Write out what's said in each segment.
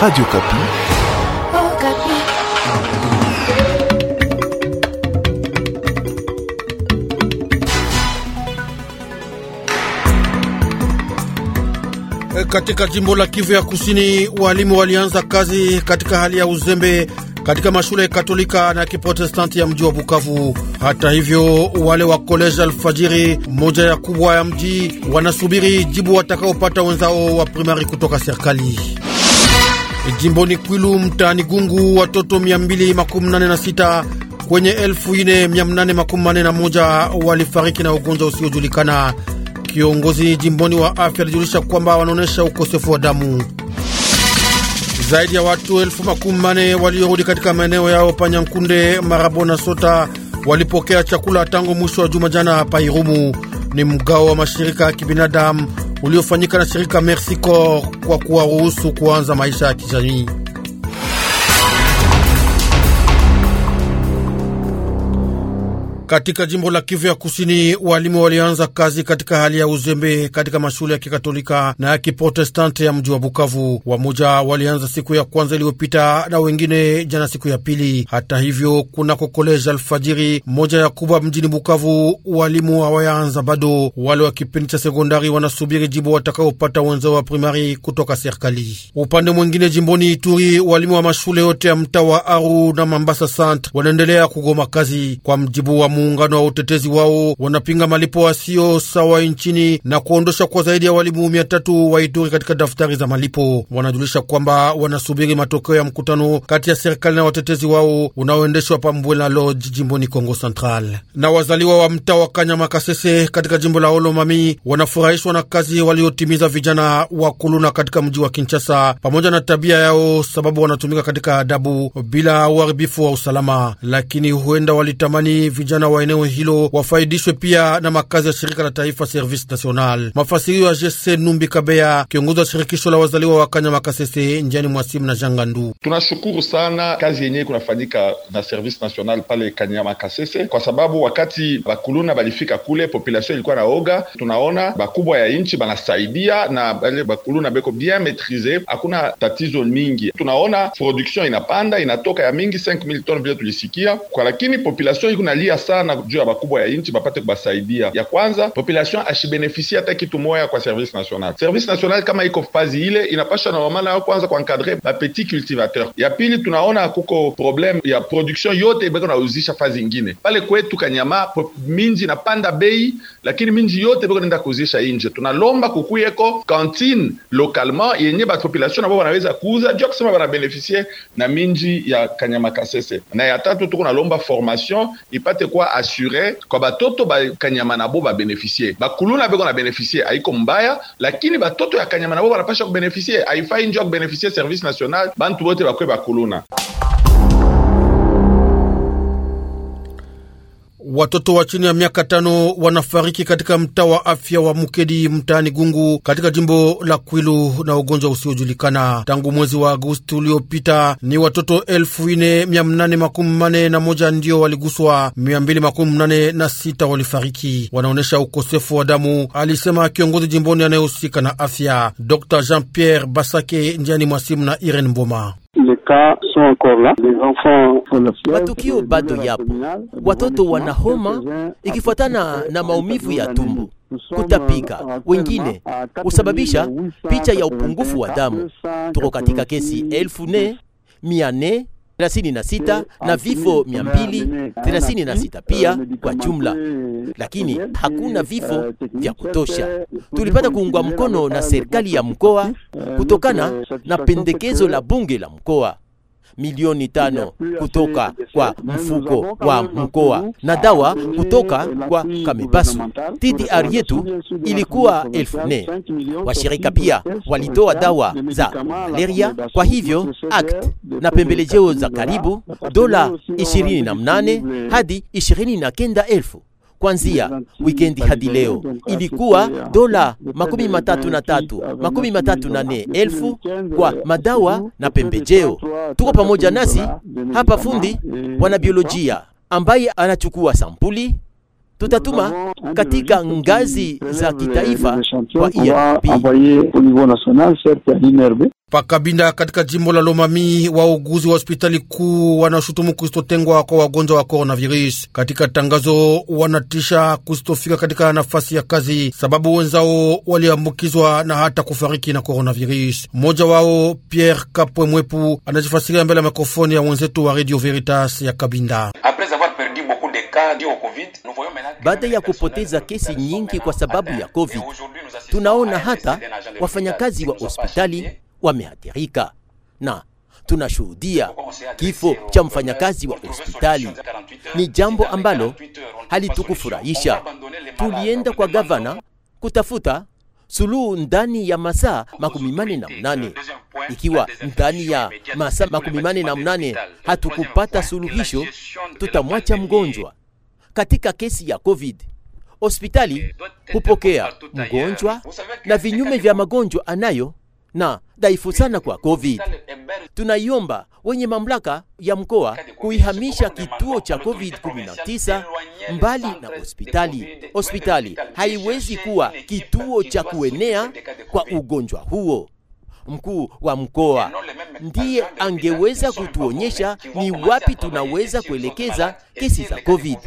Radio Kapi. Oh, eh, Kapi. Katika jimbo la Kivu ya Kusini, walimu walianza kazi katika hali ya uzembe katika mashule Katolika na Kiprotestanti ya mji wa Bukavu. Hata hivyo, wale wa Koleji Alfajiri, moja ya kubwa ya mji, wanasubiri jibu watakaopata wenzao wa primari kutoka serikali. E, jimboni Kwilu mtaani Gungu, watoto 286 kwenye 4841 walifariki na ugonjwa usiojulikana. Kiongozi jimboni wa afya alijulisha kwamba wanaonesha ukosefu wa damu. Zaidi ya watu elfu makumi mane waliorudi katika maeneo yao Panyankunde, Marabo na Sota walipokea chakula tangu mwisho wa juma jana hapa Irumu. Ni mgao wa mashirika ya kibinadamu uliofanyika na shirika Mercy Corps kwa kuwaruhusu kuanza maisha ya kijamii. Katika jimbo la Kivu ya Kusini, walimu walianza kazi katika hali ya uzembe katika mashule ya kikatolika na ya kiprotestante ya mji wa Bukavu. Wamoja walianza siku ya kwanza iliyopita na wengine jana siku ya pili. Hata hivyo, kunako koleji alfajiri moja ya kubwa mjini Bukavu, walimu hawayaanza bado. Wale wa kipindi cha sekondari wanasubiri jibu watakaopata wenzao wa primari kutoka serikali. Upande mwingine, jimboni Ituri, walimu wa mashule yote ya mtaa wa Aru na Mambasa Sant wanaendelea kugoma kazi kwa mjibu wa muungano wa utetezi wao wanapinga malipo asiyo sawa nchini na kuondosha kwa zaidi ya walimu mia tatu wa Ituri katika daftari za malipo. Wanajulisha kwamba wanasubiri matokeo ya mkutano kati ya serikali na watetezi wao unaoendeshwa Pambwela Lodge jimboni congo Central. Na wazaliwa wa mtaa wa Kanyama Kasese katika jimbo la Olomami wanafurahishwa na kazi waliotimiza vijana wa kuluna katika mji wa Kinshasa pamoja na tabia yao, sababu wanatumika katika adabu bila uharibifu wa usalama, lakini huenda walitamani vijana wa eneo hilo wafaidishwe pia na makazi ya shirika la taifa Service National. Mafasirio ya Jese Numbi Kabea, kiongozi wa shirikisho la wazaliwa wa Kanyama Kasese, njiani mwasimu na Jangandu. Tunashukuru sana kazi yenyewe kunafanyika na Service National pale Kanyama Kasese, kwa sababu wakati bakuluna balifika kule population ilikuwa na oga. Tunaona bakubwa ya nchi banasaidia na bale bakuluna beko bien maitrise, hakuna tatizo mingi. Tunaona production inapanda inatoka ya mingi 5000 ton vile tulisikia kwa, lakini population iko nalia sana sana juu ya bakubwa ya nchi bapate kubasaidia. Ya kwanza population ashibenefisie hata kitu moya kwa service national. Service national kama iko fazi ile inapasha normalement yao kwanza kuankadre bapetit cultivateur. Ya pili tunaona kuko problem ya production yote ibeko nauzisha fazi ingine pale kwetu Kanyama, minji inapanda bei, lakini minji yote ibeko naenda kuuzisha inje. Tunalomba kukuyeko kantine localement yenye bapopulation nabo wanaweza kuuza juu ya kusema banabenefisie na minji ya Kanyama Kasese. Na ya tatu tuko nalomba formation ipate kwa assure kwa batoto bakanyama na bo babénéficie bakuluna beko na bénéficie ayiko mbaya lakini batoto ya kanyama na bo banapasha kubenefisie aifai njo ya kubenefisie service national bantu bote bakoye bakuluna watoto wa chini ya miaka tano wanafariki katika mtaa wa afya wa Mukedi mtaani Gungu katika jimbo la Kwilu na ugonjwa usiojulikana tangu mwezi wa Agosti uliopita. Ni watoto elfu ine mia mnane makumi mane na moja ndio waliguswa, mia mbili makumi mnane na sita walifariki, wanaonyesha ukosefu wa damu, alisema kiongozi jimboni anayehusika na afya Dr Jean Pierre Basake njiani mwasimu na Irene Mboma cas sont encore là. Les enfants matukio bado yapo, watoto wana homa ikifuatana na maumivu ya tumbo, kutapika, wengine husababisha picha ya upungufu wa damu. Tuko katika kesi elfu nne mia nne 36 na vifo sita pia kwa jumla, lakini hakuna vifo vya kutosha. Tulipata kuungwa mkono na serikali ya mkoa kutokana na pendekezo la bunge la mkoa milioni tano kutoka kwa mfuko wa mkoa na dawa kutoka kwa Kamebasu. TDR yetu ilikuwa elfu nne. Washirika pia walitoa dawa za malaria, kwa hivyo ACT na pembelejeo za karibu dola ishirini na mnane hadi ishirini na kenda elfu kuanzia wikendi hadi leo ilikuwa dola makumi matatu na tatu makumi matatu na nne elfu kwa madawa na pembejeo. Tuko pamoja nasi hapa fundi wanabiolojia ambaye anachukua sampuli tutatuma katika ngazi za kitaifa kwa IRB. E Pakabinda katika jimbo la Lomami, wauguzi wa hospitali kuu wanashutumu kustotengwa kwa wagonjwa wa coronavirus. Katika tangazo, wanatisha kustofika katika nafasi ya kazi sababu wenzao waliambukizwa na hata kufariki na coronavirus. Mmoja wao Pierre Kapwe Mwepu anajifasiria mbele ya mikrofoni ya mwenzetu wa Radio Veritas ya Kabinda. Baada ya kupoteza kesi nyingi kwa sababu ya COVID, tunaona hata wafanyakazi wa hospitali wameathirika na tunashuhudia kifo cha mfanyakazi wa hospitali. Ni jambo ambalo halitukufurahisha. Tulienda kwa gavana kutafuta suluhu ndani ya masaa makumi mane na mnane. Ikiwa ndani ya masaa makumi mane na mnane hatukupata suluhisho, tutamwacha mgonjwa katika kesi ya COVID. Hospitali eh, hupokea mgonjwa na vinyume vya magonjwa anayo na dhaifu sana kwa COVID. Tunaiomba wenye mamlaka ya mkoa kuihamisha kituo cha COVID-19 mbali na hospitali. Hospitali haiwezi kuwa kituo cha kuenea kwa ugonjwa huo. Mkuu wa mkoa ndiye angeweza kutuonyesha ni wapi tunaweza kuelekeza kesi za COVID.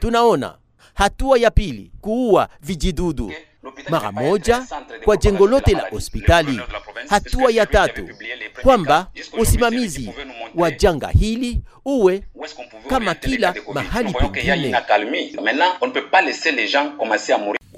Tunaona hatua ya pili, kuua vijidudu mara moja kwa jengo lote la hospitali. Hatua ya tatu kwamba usimamizi wa janga hili uwe kama kila mahali pengine.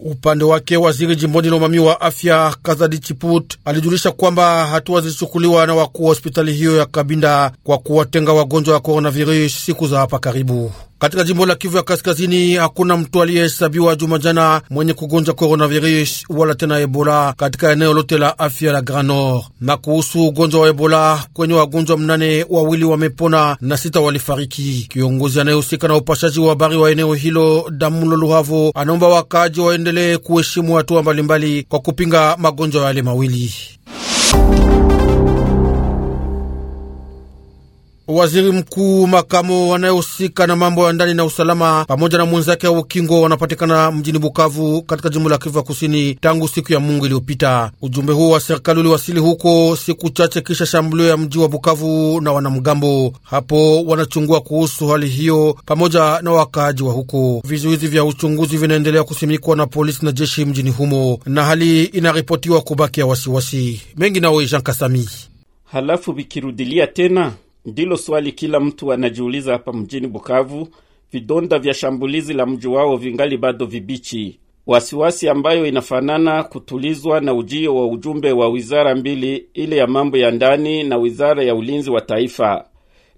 Upande wake waziri jimboni la umami wa afya Kazadi Chiput alijulisha kwamba hatua zilichukuliwa na wakuu wa hospitali hiyo ya Kabinda kwa kuwatenga wagonjwa wa coronavirus siku za hapa karibu. Katika jimbo la Kivu ya Kaskazini hakuna mtu aliyehesabiwa juma jana mwenye kugonja coronavirus wala tena Ebola katika eneo lote la afya la Grand Nord. Na kuhusu ugonjwa wa Ebola, kwenye wagonjwa mnane wawili wamepona na sita walifariki. Kiongozi anayehusika na upashaji wa habari wa eneo hilo Damulo Luhavo anaomba wakaaji waendelee kuheshimu hatua mbalimbali kwa kupinga magonjwa yale mawili waziri mkuu makamo wanayehusika na mambo ya ndani na usalama pamoja na mwenzake wa ukingo wanapatikana mjini Bukavu katika jimbo la Kivu ya Kusini tangu siku ya Mungu iliyopita. Ujumbe huo wa serikali uliwasili huko siku chache kisha shambulio ya mji wa Bukavu na wanamgambo. Hapo wanachungua kuhusu hali hiyo pamoja na wakaaji wa huko. Vizuizi vya uchunguzi vinaendelea kusimikwa na polisi na jeshi mjini humo, na hali inaripotiwa kubaki ya wasiwasi mengi. Nawe Jean Kasami halafu vikirudilia tena Ndilo swali kila mtu anajiuliza hapa mjini Bukavu. Vidonda vya shambulizi la mji wao vingali bado vibichi, wasiwasi ambayo inafanana kutulizwa na ujio wa ujumbe wa wizara mbili, ile ya mambo ya ndani na wizara ya ulinzi wa taifa.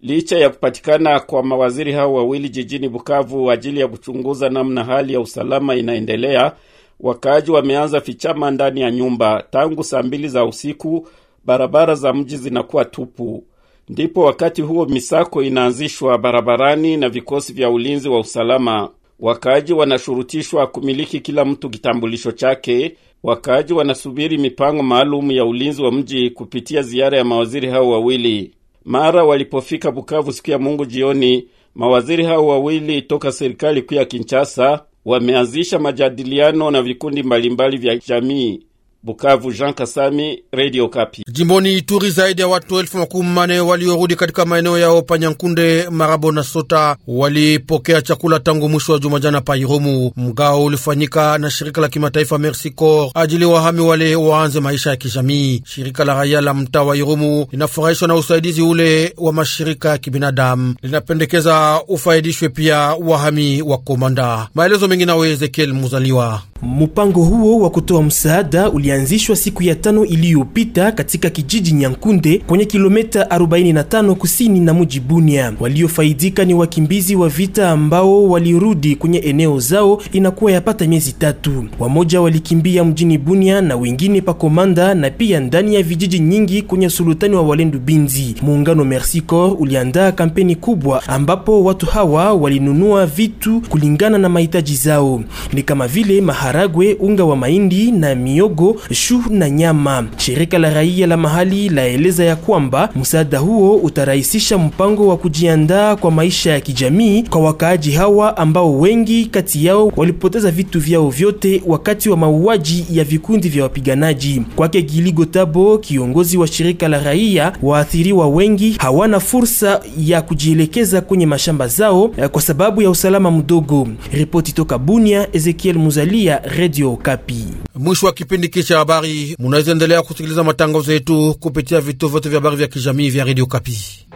Licha ya kupatikana kwa mawaziri hao wawili jijini Bukavu ajili ya kuchunguza namna hali ya usalama inaendelea, wakaaji wameanza fichama ndani ya nyumba tangu saa mbili za usiku. Barabara za mji zinakuwa tupu ndipo wakati huo misako inaanzishwa barabarani na vikosi vya ulinzi wa usalama. Wakaaji wanashurutishwa kumiliki kila mtu kitambulisho chake. Wakaaji wanasubiri mipango maalum ya ulinzi wa mji kupitia ziara ya mawaziri hao wawili. Mara walipofika Bukavu siku ya Mungu jioni, mawaziri hao wawili toka serikali kuu ya Kinshasa wameanzisha majadiliano na vikundi mbalimbali vya jamii. Bukavu, Jean Kasami, Radio Kapi. Jimboni Ituri, zaidi ya watu elfu makumi mane waliorudi katika maeneo yao Panyankunde, Marabo na Sota walipokea chakula tangu mwisho wa juma jana Pairumu. Mgao ulifanyika na shirika la kimataifa Merci Corps ajili wahami wale waanze maisha ya kijamii. Shirika la raia la mtaa wa Irumu linafurahishwa na usaidizi ule wa mashirika ya kibinadamu, linapendekeza ufaidishwe pia wahami wa Komanda. Maelezo mengi nawe Ezekiel Muzaliwa. Mpango huo wa kutoa msaada ulianzishwa siku ya tano iliyopita katika kijiji Nyankunde kwenye kilomita 45 kusini na mji Bunia. Waliofaidika ni wakimbizi wa vita ambao walirudi kwenye eneo zao inakuwa yapata miezi tatu. Wamoja walikimbia mjini Bunia na wengine pa Komanda na pia ndani ya vijiji nyingi kwenye sultani wa Walendu Binzi. Muungano Merci Corps uliandaa kampeni kubwa ambapo watu hawa walinunua vitu kulingana na mahitaji zao. Ni kama vile mahali maharagwe, unga wa mahindi na miogo, shu na nyama. Shirika la raia la mahali laeleza ya kwamba msaada huo utarahisisha mpango wa kujiandaa kwa maisha ya kijamii kwa wakaaji hawa ambao wengi kati yao walipoteza vitu vyao vyote wakati wa mauaji ya vikundi vya wapiganaji. Kwake Giligo Tabo, kiongozi wa shirika la raia, waathiriwa wengi hawana fursa ya kujielekeza kwenye mashamba zao eh, kwa sababu ya usalama mdogo. Ripoti toka Bunia, Ezekiel Muzalia, Radio Kapi. Mwisho wa kipindi hiki cha habari, munaweza endelea kusikiliza matangazo yetu kupitia vituo vyote vya habari vya kijamii vya Radio Kapi.